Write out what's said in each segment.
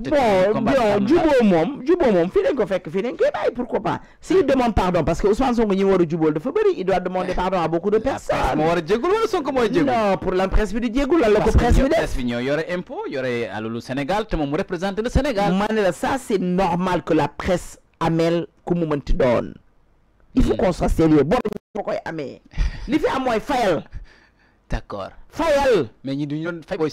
bon bon du bon moment moom fii dañ ko que fii dañ koy bàyyi pourquoi pas s'il ah. demande pardon parce que Ousmane Sonko ñi war a bol de février il doit demander pardon à beaucoup de personnes war jéggul wala Sonko non pour la presse bi di jéggul lan la ko presse bi def presse bi impôt, yore à lulu Sénégal tout le monde représente le Sénégal ça c'est normal que la presse amène ku mu mënti donne il faut hmm. qu'on soit sérieux boo ko koy amee li fi am fayal d'accord fayal mais ñi duñu doon fay booy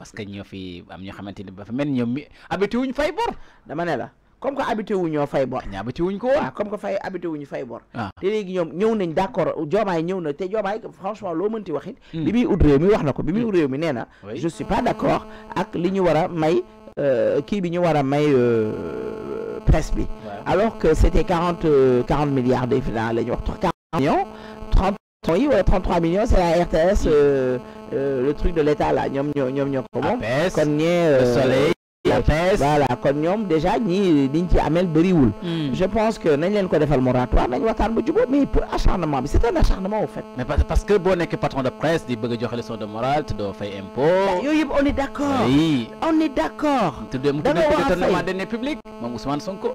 parce que ñofi am ñu xamanteni ba fa mel ñom habité wuñ fay bor dama ne la comme que habité wuñ ñoo fay bor habité wuñ ko waaw comme que fay habité wuñ fay bor ah. té légui ñom ñew nañ d'accord jomay ñew na té jomay franchement loo mënti waxit hmm. bi muy ut réew mi wax na ko bi mi hmm. réew mi néna je suis pas d'accord ak li ñu wara may euh ki bi ñu wara may euh presse bi alors que c'était 40 40 euh, milliards de francs la ñu wax 30 oui, ouais, 33 millions, c'est la RTS, euh, euh, le truc de l'État là, Nyom, nyom, nyom, nyom comment APS, Comme, euh, le soleil, la peste. Voilà, comme ñoom déjà ñi l'Inti ci amel bëriwul. Hmm. je pense que nañ leen ko le moratoire nañ waxtaan bu un mais pour acharnement bi c'est un acharnement au fait. mais parce que boo que patron de presse di bëgg a les leçon de morale te doo fay impôt. Bah, Yo, yëpp on est d'accord oui on est d'accord tu dois nga war a de mu tudd détournement deniers publics Ousmane Sonko.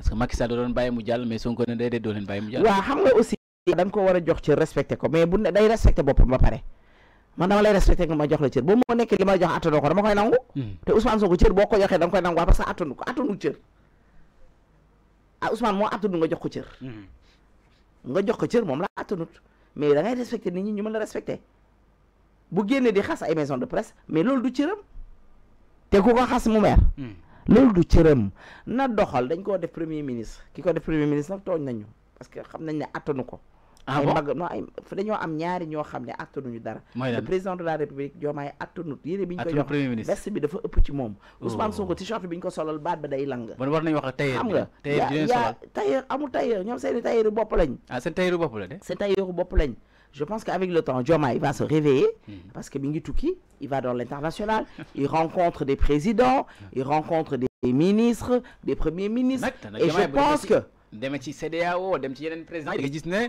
parce que Macky Sall doon baye mu jall mais Sonko ne déedéet do len baye mu jall wa xam nga aussi dañ ko wara jox ci respecter ko mais bu ne day respecter bopam ba pare man dama lay respecter nga ma jox la cër bo mo nek li jox attanoo ko dama koy nangu. Hmm. te Ousmane Sonko cër boo ko joxee dama koy nangu parce que attanu ko attanu cër a ah, Ousmane mo attanu nga jox ko cër. Hmm. nga jox ko cër mom la attanut mais da ngay respecter nit ñi ñu mëna respecter bu génné di xass ay maison de presse mais loolu du ciiram té ku ko xass mu meer. Hmm. loolu du cëram na doxal dañ koo def premier ministre ki ko def premier ministre nag tooñ nañu parce que xam nañ ne atanu ko ah ay mag dañoo am ñaari ñoo xam ne attanuñu dara le président de la république Diomaye attanut yére bi ñu ko jox veste bi dafa ëpp ci moom oh. Ousmane Sonko t-shirt bi ñu ko solal baat ba day lang war nañ wax tailleur xam nga yaa tailleur amul tailleur ñoom seen i bopp lañ ah seen tailleur bopp la de seen tailleur bopp lañ Je pense qu'avec le temps, Dioma, il va se réveiller parce que Tuki, il va dans l'international, il rencontre des présidents, il rencontre des ministres, des premiers ministres. Et je pense que. demee ci CEDEAO dem ci yeneen président da ngay gis ne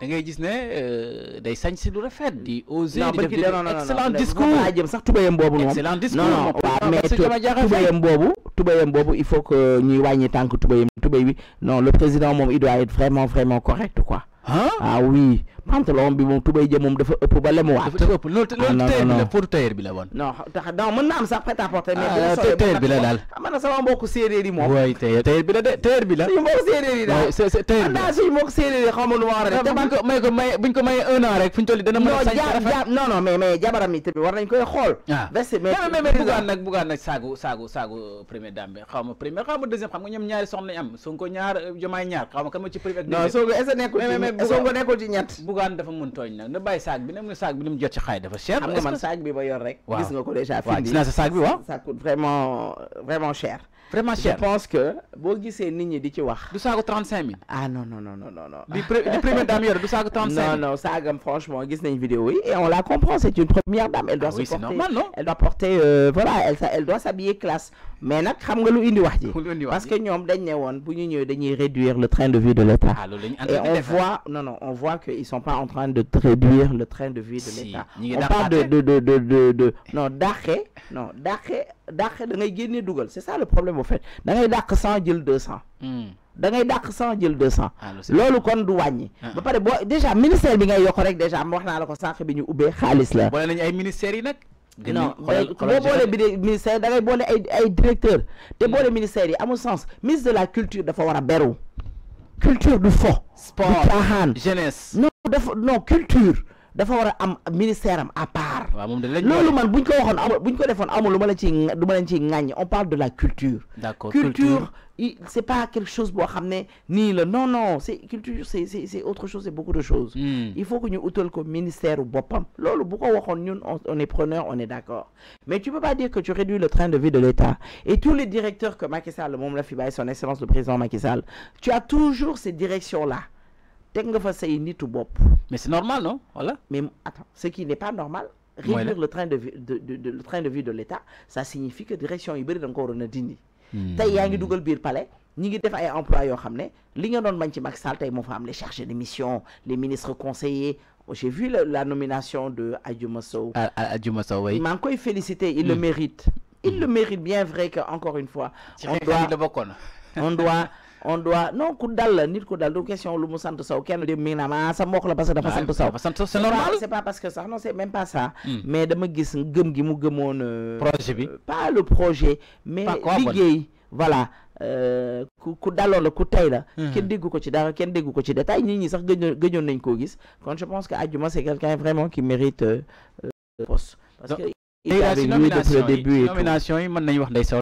da ngay gis ne day sañ si osé di def excellent discours excellent discours non non waaw mais tubayam boobu tubayam boobu il faut que ñuy wàññi tànk tu tubay bi non le président il doit être vraiment vraiment correct quoi ah oui pantalon bi moom tubay ja moom dafa ëpp ba lemu waat. dafa ëpp loolu tailleur ah, bi la pour tailleur bi la woon. non tax non mën na am sax prêt à porter. mais ah, tailleur bi la daal. xam na sama mbokku séeréer yi moom. waay tailleur bi la de tailleur bi la. suñu mbokku séeréer yi daal c'est tailleur bi la. suñu mbokku séeréer yi xaw ma lu ma war a def. buñ ko may ko may buñ ko mayee un an rek fu ñu toll dana mën a. sañ rafet non non mais mais jabaram yi tamit war nañ koy xool. waaw ah. veste mais mais mais bugaan nag bugaan nag saagu saagu saagu euh, première dame bi xaw ma première xaw ma deuxième xam nga ñoom ñaari soxna ñu am Sonko ñaar jomaay ñaar xaw ma kan ma ci première. non Sonko est-ce que nekkul ci ñett dafa ça coûte vraiment vraiment cher vraiment cher je pense que vous avez nit ñi di ci wax. du 000. trente ah non non non non non. non première dame yore du saagu trente non non ça, franchement c'est une vidéo yi et on la comprend c'est une première dame. elle doit ah se porter normal non. elle doit porter euh, voilà elle elle doit s'habiller classe. mais là xam nga lu indi wax parce que nous, on ne woon bu ñu ñëwee réduire le train de vie de l'État. Ah, et on hein. voit non non on voit que ils sont pas en train de réduire le train de vie de l'État. on parle de de de de non dàqe non dàqe dakh da ngay c'est ça le problème en fait da ngay dakh 100 jël 200 hmm da ngay dakh 100 jël 200 ah, lolu kon du wañi ah, ba ah. paré bo déjà ministère bi ngay yok rek déjà am waxna la ko sank bi ñu y xaliss la bo ministère nak non bo bolé bi ministère da ngay ay ay directeur té hmm. ministère à mon sens ministre de la culture dafa wara bureau culture du fort sport jeunesse non culture dafa war am ministère am à part. loolu man bu ñu ko waxoon amul ko defoon amul luma la ci duma ma ci ngagne on parle de la culture. d'accord culture c'est pas quelque chose bo xamné ni le non non c'est culture c'est c'est c'est autre chose c'est beaucoup de choses. Hmm. il faut que ñu utal ko ministère bopam boppam. bu ko waxoon ñun on est preneur on est d'accord mais tu peux pas dire que tu réduis le train de vie de l'État et tous les directeurs que Macky Sall mom la fi bàyyi son excellence le président Macky Sall tu as toujours ces directions là tek nga fa say nitu bop mais c'est normal, non Voilà. Mais attends, ce qui n'est pas normal, réduire le train de, vie, de, de, le train de vie de l'État, ça signifie que direction hybride encore une ko Tu as dindi. Hmm. tey yaa biir palais ñi ngi def ay emplois yoo xam li nga les chargés de mission les ministres conseillers oh, j'ai vu la, nomination de Adjuma Sow. Ah, ah, Adjuma oui. koy féliciter il le hmm. mérite. il le mérite bien vrai que encore une fois. on doit on doit on doit non ko dal la nit ko dal do question lu mu sante saw kenn de mi ngi sa mbokk la parce que dafa ah, sante saw c'est normal c'est pas parce que ça non c'est même pas ça hmm. mais dama gis gëm gi mu gëmoon euh, projet bi pas le projet mais liggéey voilà euh, ku ku daloon la ku tay la hmm. kenn déggu ko ci dara ken déggu ko ci detail nit ñi sax geñon nañ ko gis kon je pense que Adjuma c'est quelqu'un vraiment qui mérite euh, poste parce que il avait nomination yi mën nañu wax nday